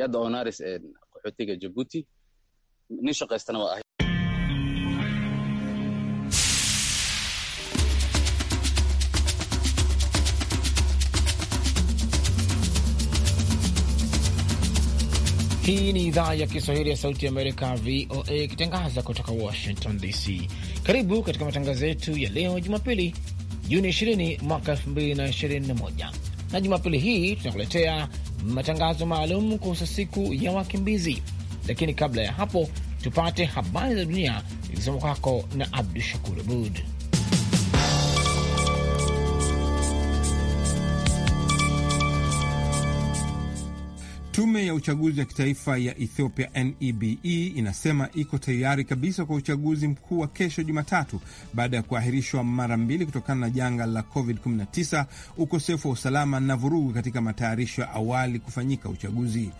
Yada Onaris ee qaxootiga jabuuti nin shaqaystana waa ahay. Hii ni idhaa ya Kiswahili ya Sauti ya Amerika, VOA, ikitangaza kutoka Washington DC. Karibu katika matangazo yetu ya leo Jumapili, Juni 20 mwaka 2021, na Jumapili hii tunakuletea matangazo maalum kuhusu siku ya wakimbizi. Lakini kabla ya hapo, tupate habari za dunia zikisoma kwako na Abdu Shakur Abud. Tume ya uchaguzi ya kitaifa ya Ethiopia NEBE e, inasema iko tayari kabisa kwa uchaguzi mkuu wa kesho Jumatatu baada ya kuahirishwa mara mbili kutokana na janga la COVID-19, ukosefu wa usalama na vurugu katika matayarisho ya awali kufanyika uchaguzi.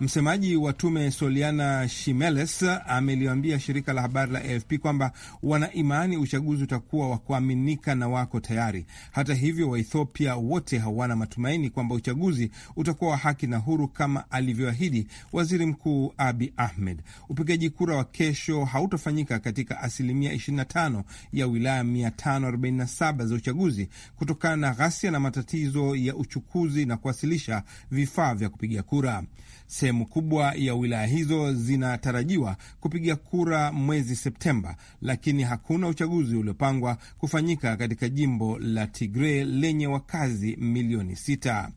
Msemaji wa tume Soliana Shimeles ameliambia shirika la habari la AFP kwamba wana imani uchaguzi utakuwa wa kuaminika na wako tayari. Hata hivyo, Waethiopia wote hawana matumaini kwamba uchaguzi utakuwa wa haki na huru kama alivyoahidi waziri mkuu Abi Ahmed. Upigaji kura wa kesho hautafanyika katika asilimia 25 ya wilaya 547 za uchaguzi kutokana na ghasia na matatizo ya uchukuzi na kuwasilisha vifaa vya kupiga kura. Sehemu kubwa ya wilaya hizo zinatarajiwa kupiga kura mwezi Septemba, lakini hakuna uchaguzi uliopangwa kufanyika katika jimbo la tigre lenye wakazi milioni sita.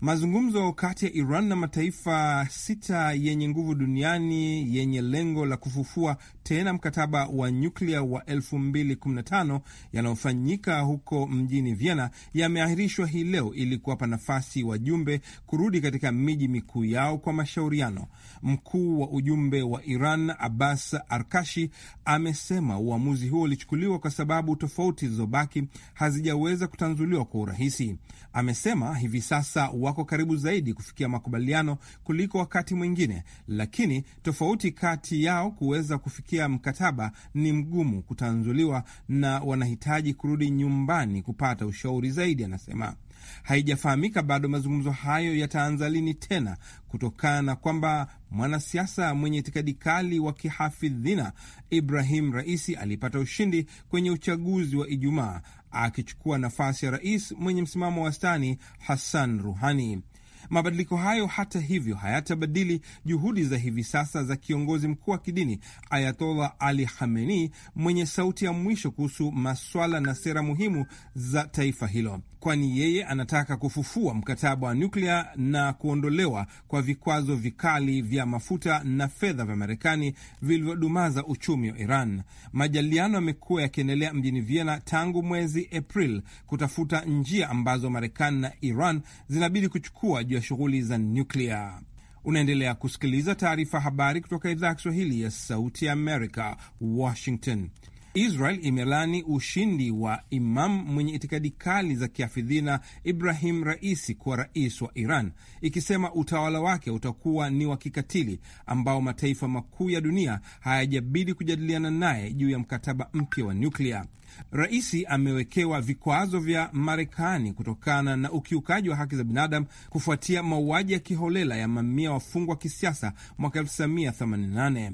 Mazungumzo kati ya Iran na mataifa sita yenye nguvu duniani yenye lengo la kufufua tena mkataba wa nyuklia wa 2015 yanayofanyika huko mjini Vienna yameahirishwa hii leo ili kuwapa nafasi wajumbe kurudi katika miji mikuu yao kwa mashauriano. Mkuu wa ujumbe wa Iran Abbas Arkashi amesema uamuzi huo ulichukuliwa kwa sababu tofauti zilizobaki hazijaweza kutanzuliwa kwa urahisi. Amesema hivi sasa wako karibu zaidi kufikia makubaliano kuliko wakati mwingine, lakini tofauti kati yao kuweza kufikia mkataba ni mgumu kutanzuliwa na wanahitaji kurudi nyumbani kupata ushauri zaidi, anasema. Haijafahamika bado mazungumzo hayo yataanza lini tena, kutokana na kwamba mwanasiasa mwenye itikadi kali wa kihafidhina Ibrahim Raisi alipata ushindi kwenye uchaguzi wa Ijumaa akichukua nafasi ya rais mwenye msimamo wa wastani Hassan Ruhani. Mabadiliko hayo hata hivyo hayatabadili juhudi za hivi sasa za kiongozi mkuu wa kidini Ayatollah Ali Khamenei mwenye sauti ya mwisho kuhusu maswala na sera muhimu za taifa hilo kwani yeye anataka kufufua mkataba wa nyuklia na kuondolewa kwa vikwazo vikali vya mafuta na fedha vya Marekani vilivyodumaza uchumi wa Iran. Majadiliano yamekuwa yakiendelea mjini Vienna tangu mwezi april kutafuta njia ambazo Marekani na Iran zinabidi kuchukua juu ya shughuli za nyuklia. Unaendelea kusikiliza taarifa habari kutoka idhaa ya Kiswahili ya Sauti ya Amerika, Washington. Israel imelani ushindi wa Imam mwenye itikadi kali za kiafidhina Ibrahim Raisi kuwa rais wa Iran, ikisema utawala wake utakuwa ni wa kikatili ambao mataifa makuu ya dunia hayajabidi kujadiliana naye juu ya mkataba mpya wa nyuklia. Raisi amewekewa vikwazo vya Marekani kutokana na ukiukaji wa haki za binadamu kufuatia mauaji ya kiholela ya mamia wafungwa wa kisiasa mwaka 1988.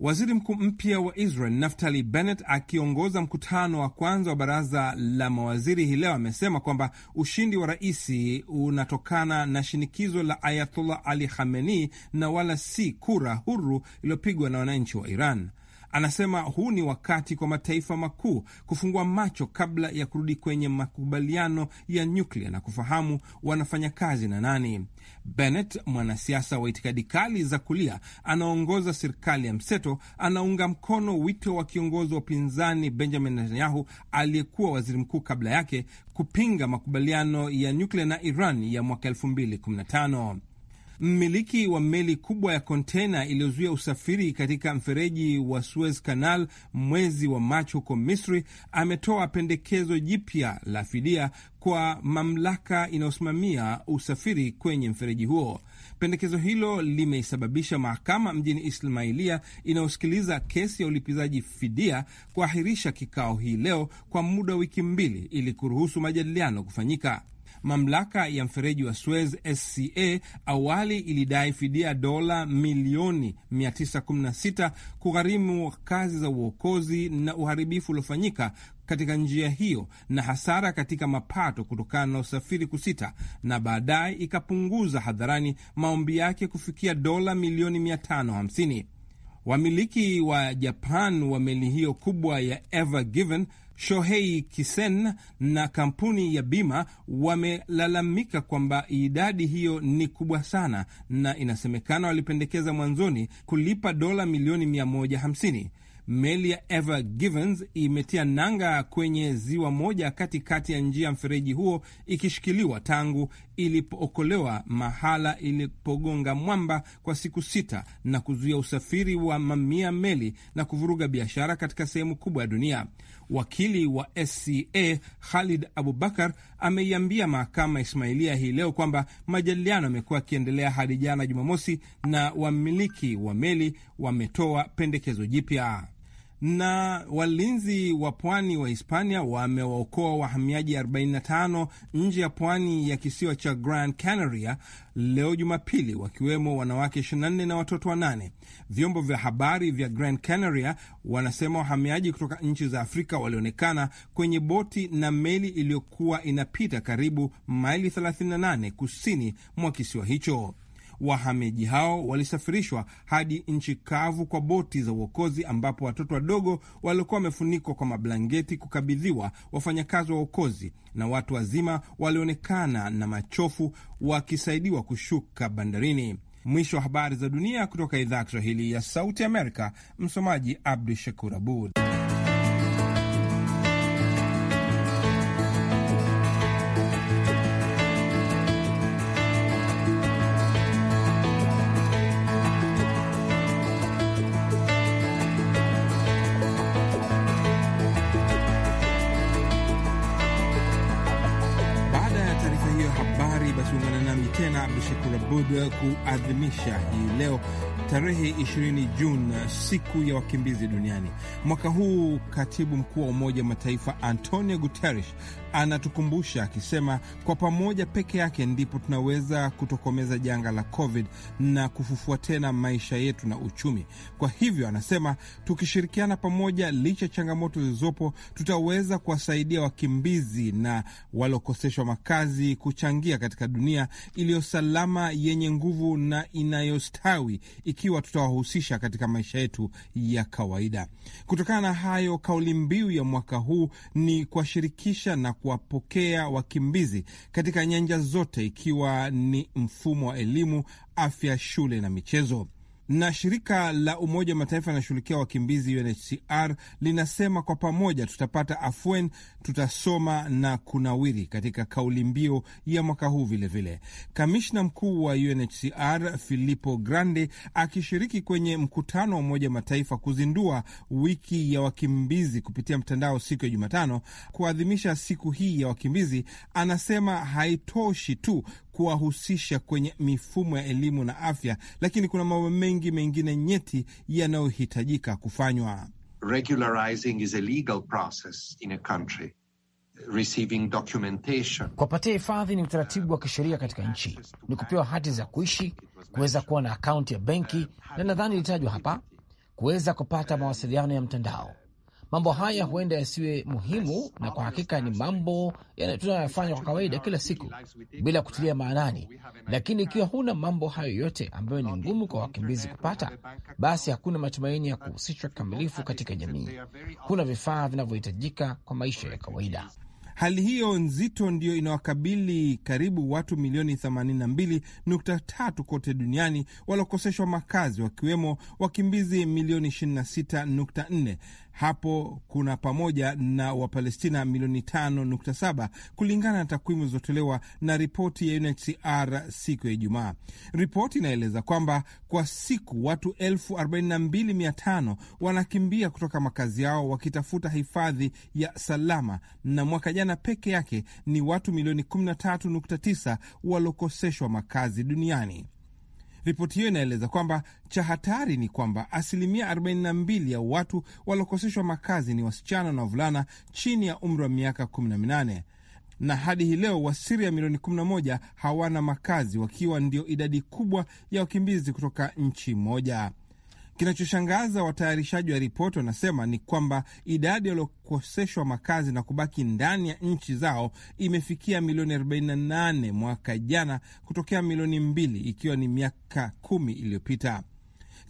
Waziri mkuu mpya wa Israel Naftali Bennett akiongoza mkutano wa kwanza wa baraza la mawaziri hii leo amesema kwamba ushindi wa raisi unatokana na shinikizo la Ayatollah Ali Khamenei na wala si kura huru iliyopigwa na wananchi wa Iran. Anasema huu ni wakati kwa mataifa makuu kufungua macho kabla ya kurudi kwenye makubaliano ya nyuklia na kufahamu wanafanya kazi na nani. Bennett, mwanasiasa wa itikadi kali za kulia anaongoza serikali ya mseto, anaunga mkono wito wa kiongozi wa upinzani Benjamin Netanyahu aliyekuwa waziri mkuu kabla yake kupinga makubaliano ya nyuklia na Iran ya mwaka 215 Mmiliki wa meli kubwa ya kontena iliyozuia usafiri katika mfereji wa Suez Canal mwezi wa Machi huko Misri ametoa pendekezo jipya la fidia kwa mamlaka inayosimamia usafiri kwenye mfereji huo. Pendekezo hilo limeisababisha mahakama mjini Ismailia inayosikiliza kesi ya ulipizaji fidia kuahirisha kikao hii leo kwa muda wa wiki mbili ili kuruhusu majadiliano kufanyika. Mamlaka ya mfereji wa Suez SCA awali ilidai fidia dola milioni 916 kugharimu kazi za uokozi na uharibifu uliofanyika katika njia hiyo na hasara katika mapato kutokana na usafiri kusita, na baadaye ikapunguza hadharani maombi yake kufikia dola milioni 550. Wamiliki wa Japan wa meli hiyo kubwa ya Ever Given Shohei Kisen na kampuni ya bima wamelalamika kwamba idadi hiyo ni kubwa sana, na inasemekana walipendekeza mwanzoni kulipa dola milioni 150 Meli ya Ever Givens imetia nanga kwenye ziwa moja katikati ya njia ya mfereji huo ikishikiliwa tangu ilipookolewa mahala ilipogonga mwamba kwa siku sita na kuzuia usafiri wa mamia meli na kuvuruga biashara katika sehemu kubwa ya dunia. Wakili wa SCA Khalid Abubakar ameiambia mahakama ya Ismailia hii leo kwamba majadiliano yamekuwa yakiendelea hadi jana Jumamosi, na wamiliki wa meli wametoa pendekezo jipya na walinzi wa pwani wa Hispania wamewaokoa wahamiaji 45 nje ya pwani ya kisiwa cha grand Canaria leo Jumapili, wakiwemo wanawake 24 na watoto wanane. Vyombo vya habari vya grand Canaria wanasema wahamiaji kutoka nchi za Afrika walionekana kwenye boti na meli iliyokuwa inapita karibu maili 38 kusini mwa kisiwa hicho. Wahamiaji hao walisafirishwa hadi nchi kavu kwa boti za uokozi, ambapo watoto wadogo waliokuwa wamefunikwa kwa mablangeti kukabidhiwa wafanyakazi wa uokozi, na watu wazima walionekana na machofu wakisaidiwa kushuka bandarini. Mwisho wa habari za dunia kutoka idhaa ya Kiswahili ya Sauti Amerika. Msomaji Abdu Shakur Abud. kuadhimisha hii leo Tarehe 20 Juni, siku ya wakimbizi duniani. Mwaka huu katibu mkuu wa Umoja Mataifa Antonio Guterres anatukumbusha akisema, kwa pamoja peke yake ndipo tunaweza kutokomeza janga la COVID na kufufua tena maisha yetu na uchumi. Kwa hivyo, anasema tukishirikiana pamoja, licha ya changamoto zilizopo, tutaweza kuwasaidia wakimbizi na waliokoseshwa makazi kuchangia katika dunia iliyo salama, yenye nguvu na inayostawi ikiwa tutawahusisha katika maisha yetu ya kawaida. Kutokana na hayo, kauli mbiu ya mwaka huu ni kuwashirikisha na kuwapokea wakimbizi katika nyanja zote, ikiwa ni mfumo wa elimu, afya, shule na michezo. Na shirika la Umoja wa Mataifa linashughulikia wakimbizi UNHCR linasema kwa pamoja tutapata afwen tutasoma na kunawiri katika kauli mbiu ya mwaka huu. Vilevile, kamishna mkuu wa UNHCR Filippo Grandi akishiriki kwenye mkutano wa Umoja wa Mataifa kuzindua wiki ya wakimbizi kupitia mtandao siku ya Jumatano kuadhimisha siku hii ya wakimbizi, anasema haitoshi tu kuwahusisha kwenye mifumo ya elimu na afya, lakini kuna mambo mengi mengine nyeti yanayohitajika kufanywa. Kuwapatia hifadhi ni utaratibu wa kisheria katika nchi, ni kupewa hati za kuishi, kuweza kuwa na akaunti ya benki, na nadhani ilitajwa hapa, kuweza kupata mawasiliano ya mtandao Mambo haya huenda yasiwe muhimu, na kwa hakika ni mambo tunayofanya kwa kawaida kila siku bila kutilia maanani, lakini ikiwa huna mambo hayo yote ambayo ni ngumu kwa wakimbizi kupata, basi hakuna matumaini ya kuhusishwa kikamilifu katika jamii, kuna vifaa vinavyohitajika kwa maisha ya kawaida. Hali hiyo nzito ndiyo inawakabili karibu watu milioni 82.3 kote duniani waliokoseshwa makazi, wakiwemo wakimbizi milioni 26.4 hapo kuna pamoja na Wapalestina milioni 5.7 kulingana na takwimu zilizotolewa na ripoti ya UNHCR siku ya Ijumaa. Ripoti inaeleza kwamba kwa siku watu 42,500 wanakimbia kutoka makazi yao wakitafuta hifadhi ya salama, na mwaka jana peke yake ni watu milioni 13.9 waliokoseshwa makazi duniani. Ripoti hiyo inaeleza kwamba cha hatari ni kwamba asilimia 42 ya watu waliokoseshwa makazi ni wasichana na wavulana chini ya umri wa miaka 18 na hadi hii leo Wasiria milioni 11 hawana makazi, wakiwa ndio idadi kubwa ya wakimbizi kutoka nchi moja. Kinachoshangaza, watayarishaji wa ripoti wanasema ni kwamba idadi waliokoseshwa makazi na kubaki ndani ya nchi zao imefikia milioni 48 mwaka jana kutokea milioni mbili ikiwa ni miaka kumi iliyopita.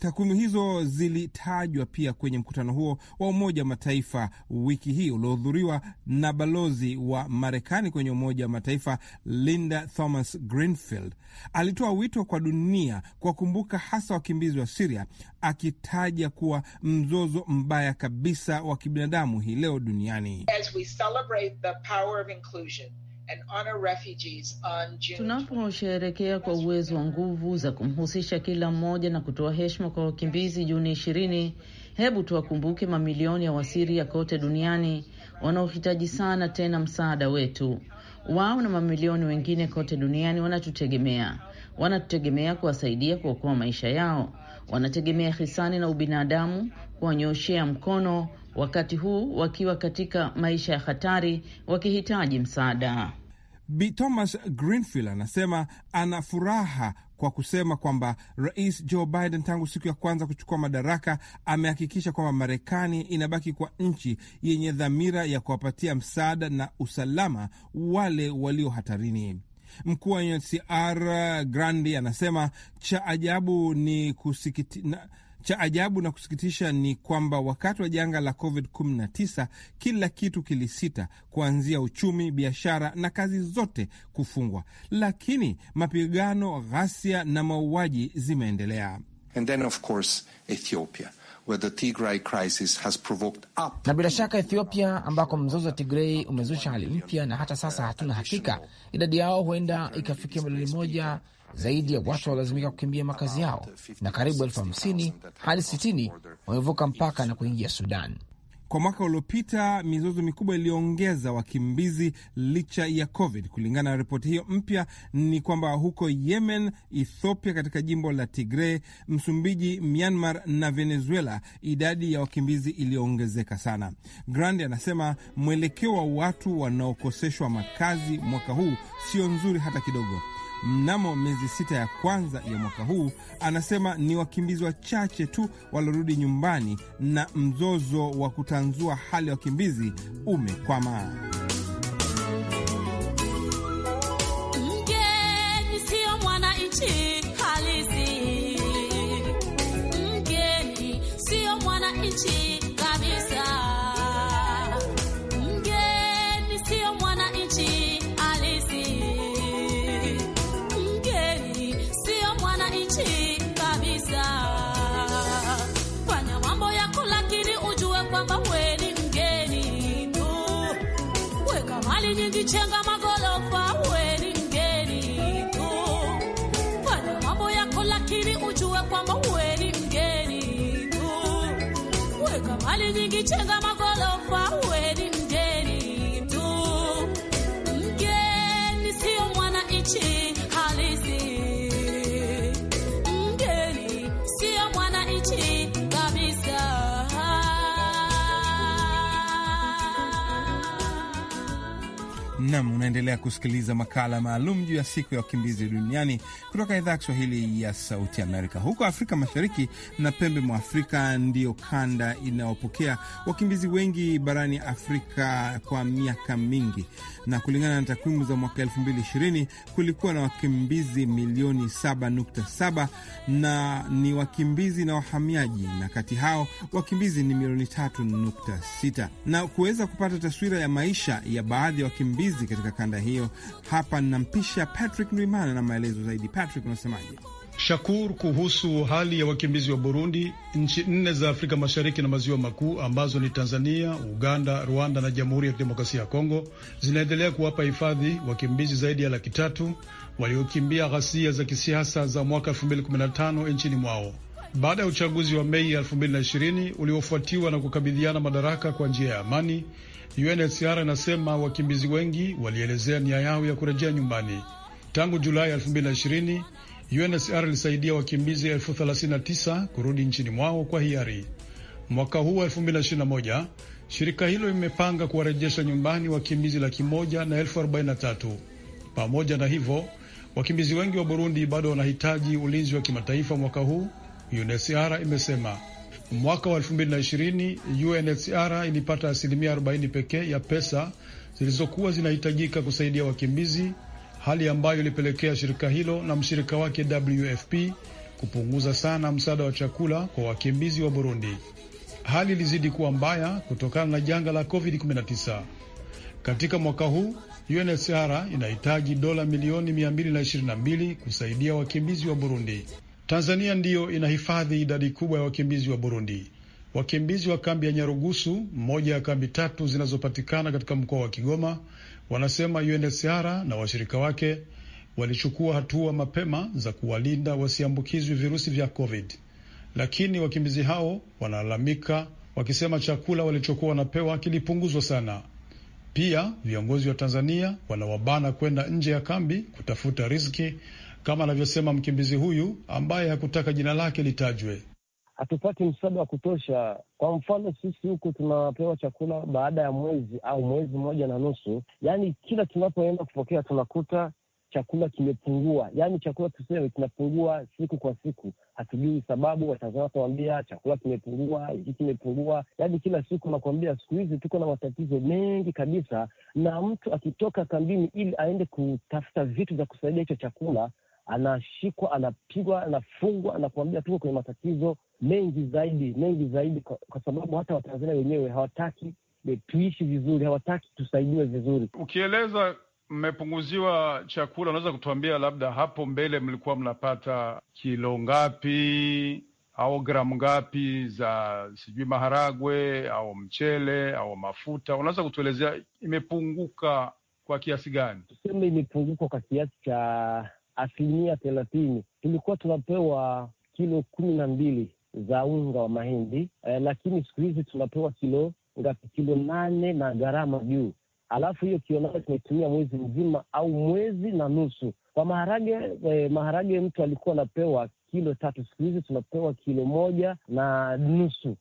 Takwimu hizo zilitajwa pia kwenye mkutano huo wa Umoja wa Mataifa wiki hii uliohudhuriwa na balozi wa Marekani kwenye Umoja wa Mataifa Linda Thomas Greenfield. Alitoa wito kwa dunia kuwakumbuka hasa wakimbizi wa Siria, akitaja kuwa mzozo mbaya kabisa wa kibinadamu hii leo duniani As we Tunaposherekea kwa uwezo wa nguvu za kumhusisha kila mmoja na kutoa heshima kwa wakimbizi Juni ishirini, hebu tuwakumbuke mamilioni ya Wasiria kote duniani wanaohitaji sana tena msaada wetu. Wao na mamilioni wengine kote duniani wanatutegemea, wanatutegemea kuwasaidia kuokoa maisha yao, wanategemea hisani na ubinadamu kuwanyoshea mkono wakati huu wakiwa katika maisha ya hatari, wakihitaji msaada. Bi Thomas Greenfield anasema ana furaha kwa kusema kwamba Rais Joe Biden tangu siku ya kwanza kuchukua madaraka amehakikisha kwamba Marekani inabaki kwa nchi yenye dhamira ya kuwapatia msaada na usalama wale walio hatarini. Mkuu wa UNHCR Grandi anasema cha ajabu ni kusikitina cha ajabu na kusikitisha ni kwamba wakati wa janga la COVID-19 kila kitu kilisita, kuanzia uchumi, biashara na kazi zote kufungwa, lakini mapigano, ghasia na mauaji zimeendelea. And then of course, Ethiopia, where the Tigray crisis has provoked up... na bila shaka Ethiopia ambako mzozo wa Tigrei umezusha hali mpya, na hata sasa hatuna hakika idadi yao, huenda ikafikia milioni moja zaidi ya watu walazimika kukimbia makazi yao na karibu elfu hamsini hadi sitini wamevuka mpaka na kuingia Sudan. Kwa mwaka uliopita mizozo mikubwa iliyoongeza wakimbizi licha ya COVID. Kulingana na ripoti hiyo mpya, ni kwamba huko Yemen, Ethiopia katika jimbo la tigre Msumbiji, Myanmar na Venezuela idadi ya wakimbizi iliyoongezeka sana. Grandi anasema mwelekeo wa watu wanaokoseshwa makazi mwaka huu sio nzuri hata kidogo mnamo miezi sita ya kwanza ya mwaka huu, anasema ni wakimbizi wachache tu waliorudi nyumbani na mzozo wa kutanzua hali ya wakimbizi umekwama. Mgeni mwananchi halisi, mgeni mwananchi mali nyingi, chenga magorofa, weli mgeni tu, fanya mambo yako, lakini ujue kwamba weli mgeni tu, weka mali nyingi, chenga magolofa weli mgeni tu, mgeni siyo mwananchi. Nam, unaendelea kusikiliza makala maalum juu ya siku ya wakimbizi duniani kutoka idhaa ya Kiswahili ya Sauti Amerika. Huko Afrika Mashariki na pembe mwa Afrika ndiyo kanda inayopokea wakimbizi wengi barani Afrika kwa miaka mingi, na kulingana na takwimu za mwaka 2020 kulikuwa na wakimbizi milioni 7.7 na ni wakimbizi na wahamiaji, na kati hao wakimbizi ni milioni 3.6 na kuweza kupata taswira ya maisha ya baadhi ya wakimbizi wakimbizi katika kanda hiyo. Hapa ninampisha Patrick Ndwimana na maelezo zaidi. Patrick, unasemaje? Shakur, kuhusu hali ya wakimbizi wa Burundi, nchi nne za Afrika Mashariki na Maziwa Makuu ambazo ni Tanzania, Uganda, Rwanda na Jamhuri ya Kidemokrasia ya Kongo zinaendelea kuwapa hifadhi wakimbizi zaidi ya laki tatu waliokimbia ghasia za kisiasa za mwaka 2015 nchini mwao baada ya uchaguzi wa Mei 2020 uliofuatiwa na kukabidhiana madaraka kwa njia ya amani. UNHCR inasema wakimbizi wengi walielezea nia yao ya kurejea nyumbani. Tangu Julai 2020 UNHCR ilisaidia wakimbizi 1039 39 kurudi nchini mwao kwa hiari. Mwaka huu wa 2021 shirika hilo limepanga kuwarejesha nyumbani wakimbizi laki moja na elfu 43. Pamoja na hivyo, wakimbizi wengi wa Burundi bado wanahitaji ulinzi wa kimataifa mwaka huu, UNHCR imesema. Mwaka wa 2020 UNHCR ilipata asilimia 40 pekee ya pesa zilizokuwa zinahitajika kusaidia wakimbizi, hali ambayo ilipelekea shirika hilo na mshirika wake WFP kupunguza sana msaada wa chakula kwa wakimbizi wa Burundi. Hali ilizidi kuwa mbaya kutokana na janga la COVID-19. Katika mwaka huu UNHCR inahitaji dola milioni 222 kusaidia wakimbizi wa Burundi. Tanzania ndiyo inahifadhi idadi kubwa ya wakimbizi wa Burundi. Wakimbizi wa kambi ya Nyarugusu, mmoja ya kambi tatu zinazopatikana katika mkoa wa Kigoma, wanasema UNHCR na washirika wake walichukua hatua mapema za kuwalinda wasiambukizwi virusi vya COVID, lakini wakimbizi hao wanalalamika wakisema chakula walichokuwa wanapewa kilipunguzwa sana. Pia viongozi wa Tanzania wanawabana kwenda nje ya kambi kutafuta riziki, kama anavyosema mkimbizi huyu ambaye hakutaka jina lake litajwe. Hatupati msaada wa kutosha. Kwa mfano, sisi huku tunapewa chakula baada ya mwezi au mwezi mmoja na nusu, yaani kila tunapoenda kupokea tunakuta chakula kimepungua, yaani chakula tuseme kinapungua siku kwa siku, hatujui sababu. Watanzania watawambia chakula kimepungua, hiki kimepungua, yaani kila siku nakuambia, siku hizi tuko na matatizo mengi kabisa, na mtu akitoka kambini ili aende kutafuta vitu vya kusaidia hicho chakula anashikwa anapigwa, anafungwa, anakuambia tuko kwenye matatizo mengi zaidi, mengi zaidi, kwa, kwa sababu hata Watanzania wenyewe hawataki eh, tuishi vizuri, hawataki tusaidiwe vizuri. Ukieleza mmepunguziwa chakula, unaweza kutuambia labda hapo mbele mlikuwa mnapata kilo ngapi au gramu ngapi za sijui maharagwe au mchele au mafuta? Unaweza kutuelezea imepunguka kwa kiasi gani? Tuseme imepunguka kwa kiasi cha asilimia thelathini. Tulikuwa tunapewa kilo kumi na mbili za unga wa mahindi eh, lakini siku hizi tunapewa kilo ngapi? Kilo nane na gharama juu alafu hiyo kionazi tumetumia mwezi mzima au mwezi na nusu kwa maharage. Eh, maharage mtu alikuwa anapewa kilo tatu, siku hizi tunapewa kilo moja na nusu.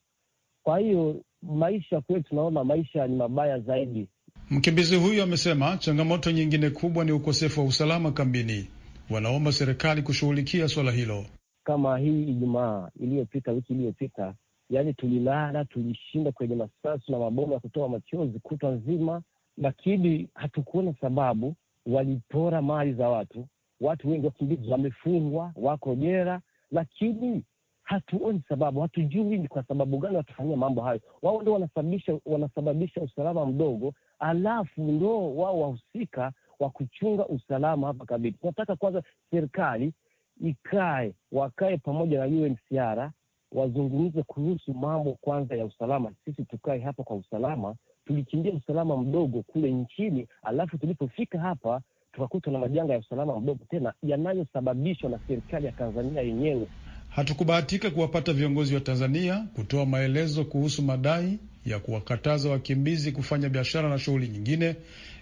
Kwa hiyo maisha kweli, tunaona maisha ni mabaya zaidi. Mkimbizi huyu amesema changamoto nyingine kubwa ni ukosefu wa usalama kambini. Wanaomba serikali kushughulikia swala hilo. Kama hii Ijumaa iliyopita, wiki iliyopita, yaani tulilala, tulishinda kwenye masasi na mabomu ya kutoa machozi kutwa nzima lakini hatukuona sababu. Walipora mali za watu, watu wengi wakimbizi wamefungwa, wako jera, lakini hatuoni sababu, hatujui ni kwa sababu gani watufanyia mambo hayo. Wao ndo wanasababisha, wanasababisha usalama mdogo, alafu ndo wao wahusika wa kuchunga usalama hapa kabisa. Tunataka kwanza serikali ikae, wakae pamoja na UNHCR wazungumze kuhusu mambo kwanza ya usalama, sisi tukae hapa kwa usalama tulikimbia usalama mdogo kule nchini, alafu tulipofika hapa tukakuta na majanga ya usalama mdogo tena yanayosababishwa na serikali ya Tanzania yenyewe. Hatukubahatika kuwapata viongozi wa Tanzania kutoa maelezo kuhusu madai ya kuwakataza wakimbizi kufanya biashara na shughuli nyingine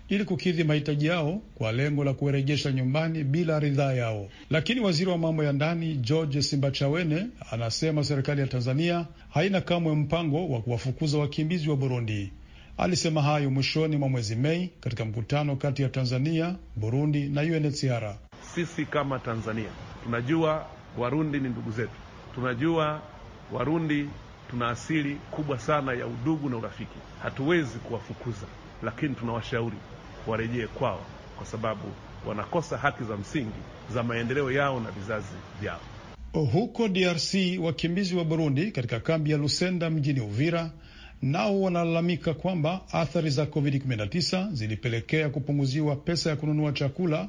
ili kukidhi mahitaji yao kwa lengo la kuwarejesha nyumbani bila ridhaa yao. Lakini waziri wa mambo ya ndani George Simbachawene anasema serikali ya Tanzania haina kamwe mpango wa kuwafukuza wakimbizi wa Burundi. Alisema hayo mwishoni mwa mwezi Mei katika mkutano kati ya Tanzania, Burundi na UNHCR. Sisi kama Tanzania tunajua Warundi ni ndugu zetu, tunajua Warundi tuna asili kubwa sana ya udugu na urafiki. Hatuwezi kuwafukuza, lakini tunawashauri warejee kwao, kwa sababu wanakosa haki za msingi za maendeleo yao na vizazi vyao. Huko DRC, wakimbizi wa Burundi katika kambi ya Lusenda mjini Uvira nao wanalalamika kwamba athari za COVID-19 zilipelekea kupunguziwa pesa ya kununua chakula,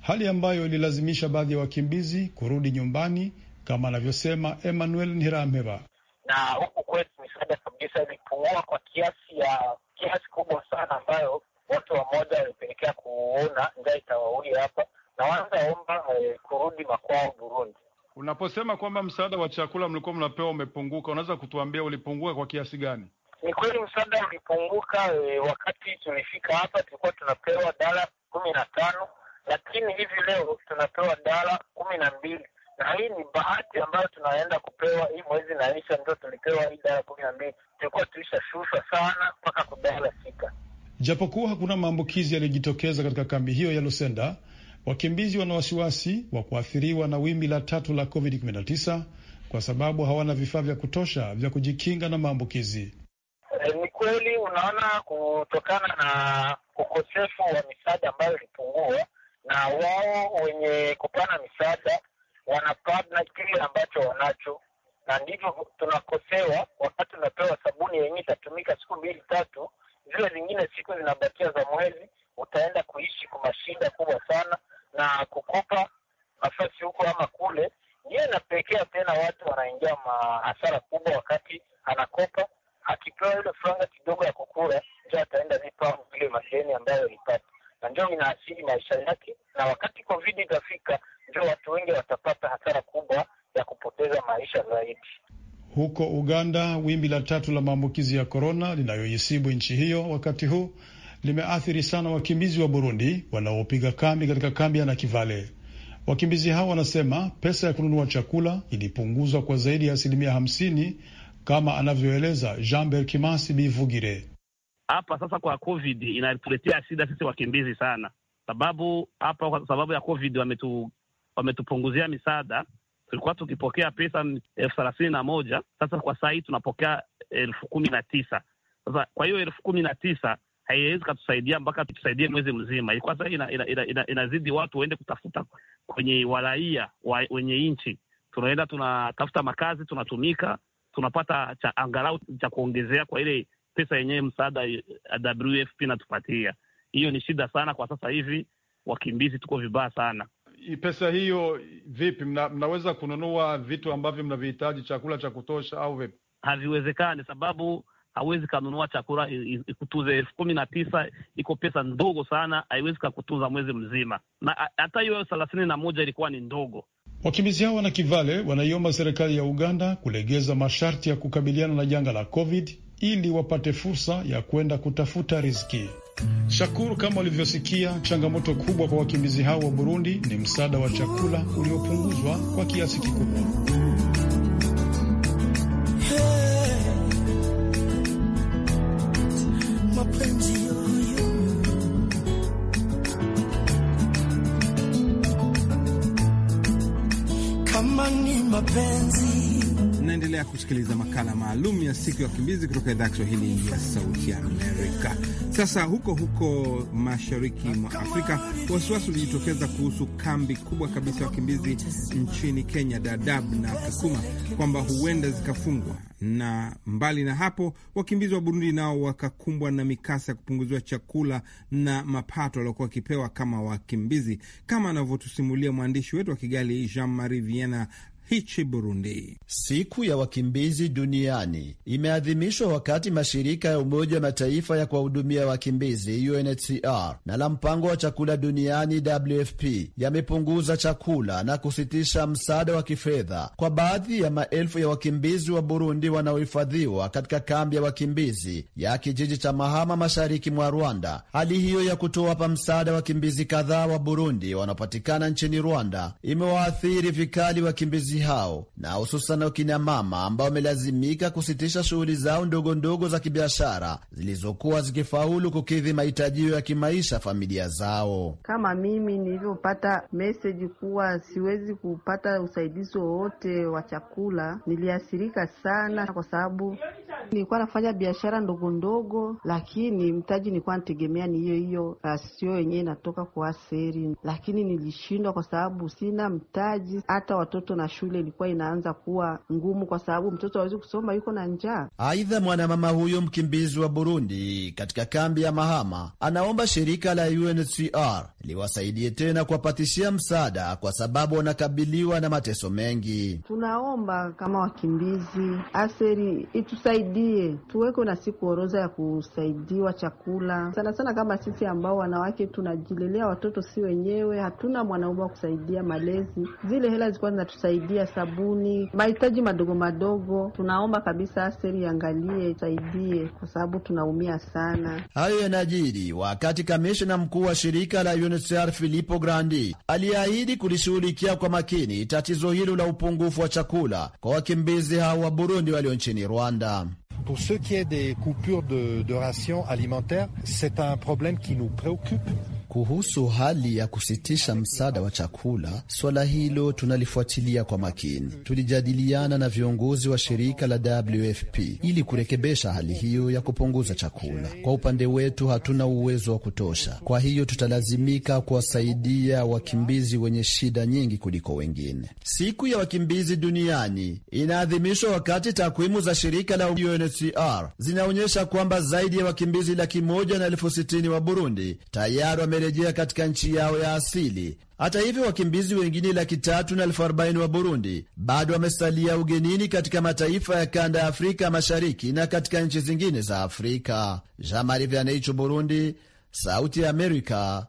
hali ambayo ililazimisha baadhi ya wakimbizi kurudi nyumbani, kama anavyosema Emmanuel Ntirameba. Na huku kwetu misaada kabisa ilipungua kwa kiasi ya kiasi kubwa sana, ambayo watu wamoja walipelekea kuona njaa itawauli hapa na wanaomba e, eh, kurudi makwao Burundi. Unaposema kwamba msaada wa chakula mlikuwa mnapewa umepunguka, unaweza kutuambia ulipungua kwa kiasi gani? Ni kweli msaada ulipunguka. E, wakati tulifika hapa tulikuwa tunapewa dala kumi na tano lakini hivi leo tunapewa dala kumi na mbili na hii ni bahati ambayo tunaenda kupewa hii mwezi naisha, ndio tulipewa hii dala kumi na mbili tulikuwa tuishashushwa sana mpaka kudala sita. Japokuwa hakuna maambukizi yaliyojitokeza katika kambi hiyo ya Lusenda, wakimbizi wana wasiwasi wa kuathiriwa na wimbi la tatu la COVID-19 kwa sababu hawana vifaa vya kutosha vya kujikinga na maambukizi kweli unaona kutokana na ukosefu wa misaada ambayo ilipungua, na wao wenye kupana misaada wanapana kile ambacho wanacho, na ndivyo tunakosewa. Wakati unapewa sabuni yenyewe itatumika siku mbili tatu, zile zingine siku zinabakia za mwezi, utaenda kuishi kwa mashinda kubwa sana, na kukopa nafasi huko ama kule, ndiyo inapelekea tena watu wanaingia mahasara kubwa wakati anakopa akipewa ile furanga kidogo ya kukura, ndio ataenda vipa vile madeni ambayo alipata, na ndio inaasili maisha yake, na wakati covid itafika, ndio watu wengi watapata hasara kubwa ya kupoteza maisha zaidi. Huko Uganda, wimbi la tatu la maambukizi ya korona linayoisibu nchi hiyo wakati huu limeathiri sana wakimbizi wa Burundi wanaopiga kambi katika kambi ya Nakivale. Wakimbizi hao wanasema pesa ya kununua chakula ilipunguzwa kwa zaidi ya asilimia hamsini kama anavyoeleza Jean Berkimansi Bivugire. Hapa sasa kwa COVID inatuletea shida sisi wakimbizi sana, sababu hapa kwa sababu ya COVID wametu, wametupunguzia misaada. Tulikuwa tukipokea pesa elfu thelathini na moja sasa kwa saa hii tunapokea elfu kumi na tisa Sasa kwa hiyo elfu kumi na tisa haiwezi katusaidia mpaka tusaidie mwezi mzima. Ilikuwa sasa ina, ina, ina, ina, inazidi watu waende kutafuta kwenye waraia wa, wenye nchi, tunaenda tunatafuta makazi, tunatumika tunapata cha angalau cha kuongezea kwa ile pesa yenyewe msaada WFP natupatia. Hiyo ni shida sana kwa sasa hivi, wakimbizi tuko vibaya sana. Pesa hiyo vipi, mna, mnaweza kununua vitu ambavyo mnavihitaji, chakula cha kutosha au vipi? Haviwezekani sababu hawezi kanunua chakula ikutuze elfu kumi na tisa iko pesa ndogo sana, haiwezi kakutunza mwezi mzima, na hata hiyo thelathini na moja ilikuwa ni ndogo. Wakimbizi hao wana Kivale wanaiomba serikali ya Uganda kulegeza masharti ya kukabiliana na janga la COVID ili wapate fursa ya kwenda kutafuta riziki. Shakuru, kama ulivyosikia, changamoto kubwa kwa wakimbizi hao wa Burundi ni msaada wa chakula uliopunguzwa kwa kiasi kikubwa. unaendelea kusikiliza makala maalum ya siku ya wakimbizi kutoka idhaa ya Kiswahili ya Sauti ya Amerika. Sasa huko huko mashariki mwa Afrika, wasiwasi ulijitokeza kuhusu kambi kubwa kabisa ya wakimbizi nchini Kenya, Dadaab na Kakuma, kwamba huenda zikafungwa. Na mbali na hapo, wakimbizi wa Burundi nao wakakumbwa na mikasa ya kupunguziwa chakula na mapato waliokuwa wakipewa kama wakimbizi, kama anavyotusimulia mwandishi wetu wa Kigali, Jean Marie Viena hichi Burundi. Siku ya wakimbizi duniani imeadhimishwa wakati mashirika ya Umoja wa Mataifa ya kuwahudumia wakimbizi UNHCR na la mpango wa chakula duniani WFP yamepunguza chakula na kusitisha msaada wa kifedha kwa baadhi ya maelfu ya wakimbizi wa Burundi wanaohifadhiwa katika kambi ya wakimbizi ya kijiji cha Mahama mashariki mwa Rwanda. Hali hiyo ya kutowapa msaada wakimbizi kadhaa wa Burundi wanaopatikana nchini Rwanda imewaathiri vikali wakimbizi wakimbizi hao na hususan wakina mama ambao wamelazimika kusitisha shughuli zao ndogo ndogo za kibiashara zilizokuwa zikifaulu kukidhi mahitaji ya kimaisha familia zao. Kama mimi nilivyopata meseji kuwa siwezi kupata usaidizi wowote wa chakula, niliathirika sana, kwa sababu nilikuwa nafanya biashara ndogo ndogo, lakini mtaji nilikuwa nategemea ni hiyo hiyo, rasio yenyewe inatoka kwa seri, lakini nilishindwa kwa sababu sina mtaji, hata watoto na shule shule ilikuwa inaanza kuwa ngumu, kwa sababu mtoto hawezi kusoma, yuko na njaa. Aidha, mwanamama huyo mkimbizi wa Burundi katika kambi ya Mahama anaomba shirika la UNHCR liwasaidie tena kuwapatishia msaada, kwa sababu wanakabiliwa na mateso mengi. Tunaomba kama wakimbizi aseri itusaidie, tuweko na siku orodha ya kusaidiwa chakula, sana sana kama sisi ambao wanawake tunajilelea watoto si wenyewe, hatuna mwanaume wa kusaidia malezi. Zile hela zilikuwa zinatusaidia pia sabuni, mahitaji madogo madogo. Tunaomba kabisa seri iangalie, isaidie, kwa sababu tunaumia sana. Hayo yanajiri wakati kamishna mkuu wa shirika la UNHCR Filippo Grandi aliahidi kulishughulikia kwa makini tatizo hilo la upungufu wa chakula kwa wakimbizi hao wa Burundi walio nchini Rwanda. Pour ce qui est des coupures de, de c'est un problème qui nous kuhusu hali ya kusitisha msaada wa chakula, swala hilo tunalifuatilia kwa makini. Tulijadiliana na viongozi wa shirika la WFP ili kurekebesha hali hiyo ya kupunguza chakula. Kwa upande wetu, hatuna uwezo wa kutosha, kwa hiyo tutalazimika kuwasaidia wakimbizi wenye shida nyingi kuliko wengine. Siku ya wakimbizi duniani inaadhimishwa wakati takwimu za shirika la UNHCR zinaonyesha kwamba zaidi ya wakimbizi laki moja na elfu sitini wa Burundi tayari kurejea katika nchi yao ya asili. Hata hivyo, wakimbizi wengine laki tatu na elfu arobaini wa Burundi bado wamesalia ugenini katika mataifa ya kanda ya Afrika Mashariki na katika nchi zingine za Afrika. Jean Marie Burundi, Sauti ya Amerika,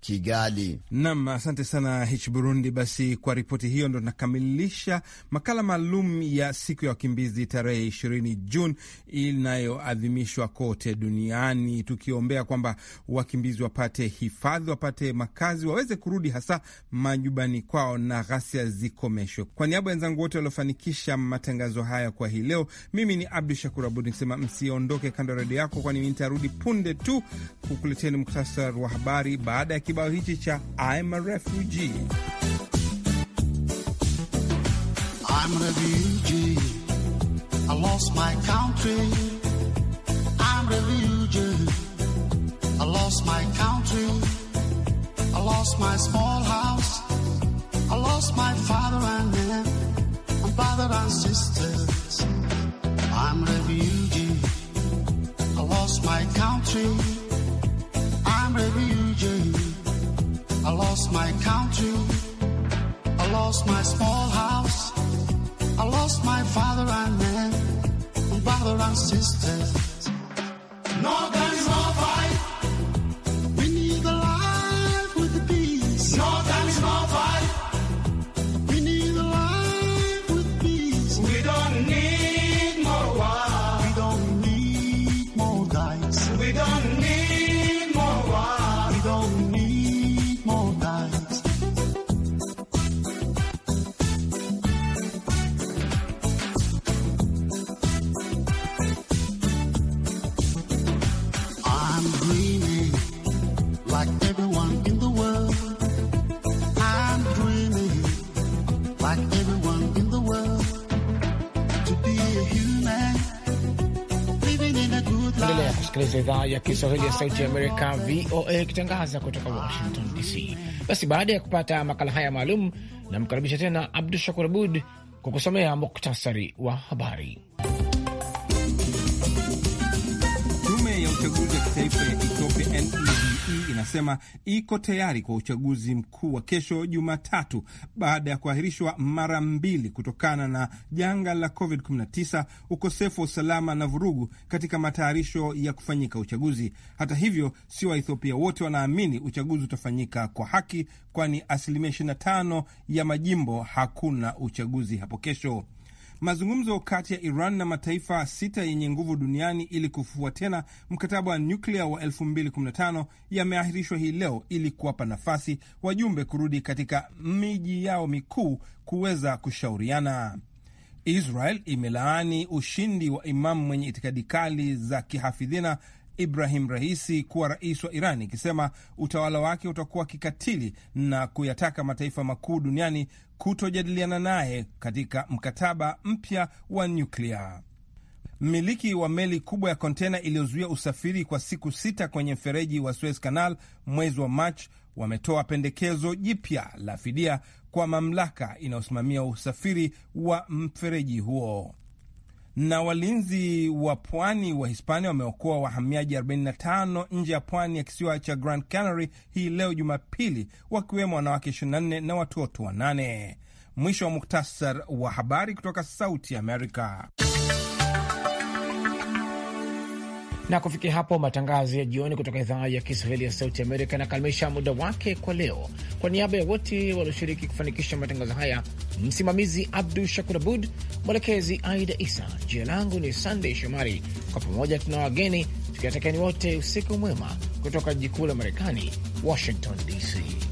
Kigali. Nam, asante sana Hich Burundi. Basi kwa ripoti hiyo ndo tunakamilisha makala maalum ya siku ya wakimbizi tarehe ishirini Juni inayoadhimishwa kote duniani, tukiombea kwamba wakimbizi wapate hifadhi, wapate makazi, waweze kurudi hasa majumbani kwao na ghasia zikomeshwe. Kwa niaba ya wenzangu wote waliofanikisha matangazo haya kwa hii leo, mimi ni Abdu Shakur Abud nikisema msiondoke kando ya redio yako, kwani nitarudi punde tu kukuleteni muktasar wa habari baada ya kibao hichi cha I'm a refugee. I'm a refugee. I lost my country. I'm a refugee. I lost my country. I lost my small house. I lost my father and mother and brother and sisters. I'm a refugee. I lost my country. I lost my country. I lost my small house. I lost my father and men, brother and sisters. Northern matangazo ya idhaa ya Kiswahili ya Sauti ya Amerika, VOA, ikitangaza kutoka Washington DC. Basi baada ya kupata makala haya maalum, namkaribisha tena Abdu Shakur Abud kwa kusomea muktasari wa habari. Tume ya uchaguzi wa kitaifa ya Ethiopia Uturuki inasema iko tayari kwa uchaguzi mkuu wa kesho Jumatatu baada ya kuahirishwa mara mbili kutokana na janga la COVID-19, ukosefu wa usalama na vurugu katika matayarisho ya kufanyika uchaguzi. Hata hivyo, si Waethiopia wote wanaamini uchaguzi utafanyika kwa haki, kwani asilimia 25 ya majimbo hakuna uchaguzi hapo kesho mazungumzo kati ya Iran na mataifa sita yenye nguvu duniani ili kufufua tena mkataba wa nyuklia wa 2015 yameahirishwa hii leo ili kuwapa nafasi wajumbe kurudi katika miji yao mikuu kuweza kushauriana. Israel imelaani ushindi wa imamu mwenye itikadi kali za kihafidhina Ibrahim Raisi kuwa rais wa Iran, ikisema utawala wake utakuwa kikatili na kuyataka mataifa makuu duniani kutojadiliana naye katika mkataba mpya wa nyuklia. Mmiliki wa meli kubwa ya kontena iliyozuia usafiri kwa siku sita kwenye mfereji wa Suez Canal mwezi wa Machi wametoa pendekezo jipya la fidia kwa mamlaka inayosimamia usafiri wa mfereji huo. Na walinzi wa pwani wa Hispania wameokoa wahamiaji 45 nje ya pwani ya kisiwa cha Grand Canary hii leo Jumapili, wakiwemo wanawake 24 na watoto wanane. Mwisho wa muktasar wa habari kutoka Sauti Amerika. Na kufikia hapo, matangazo ya jioni kutoka idhaa ya Kiswahili ya Sauti Amerika yanakamilisha muda wake kwa leo. Kwa niaba ya wote walioshiriki kufanikisha matangazo haya, msimamizi Abdu Shakur Abud, mwelekezi Aida Isa, jina langu ni Sandey Shomari. Kwa pamoja tuna wageni tukiwatakieni wote usiku mwema kutoka jiji kuu la Marekani, Washington DC.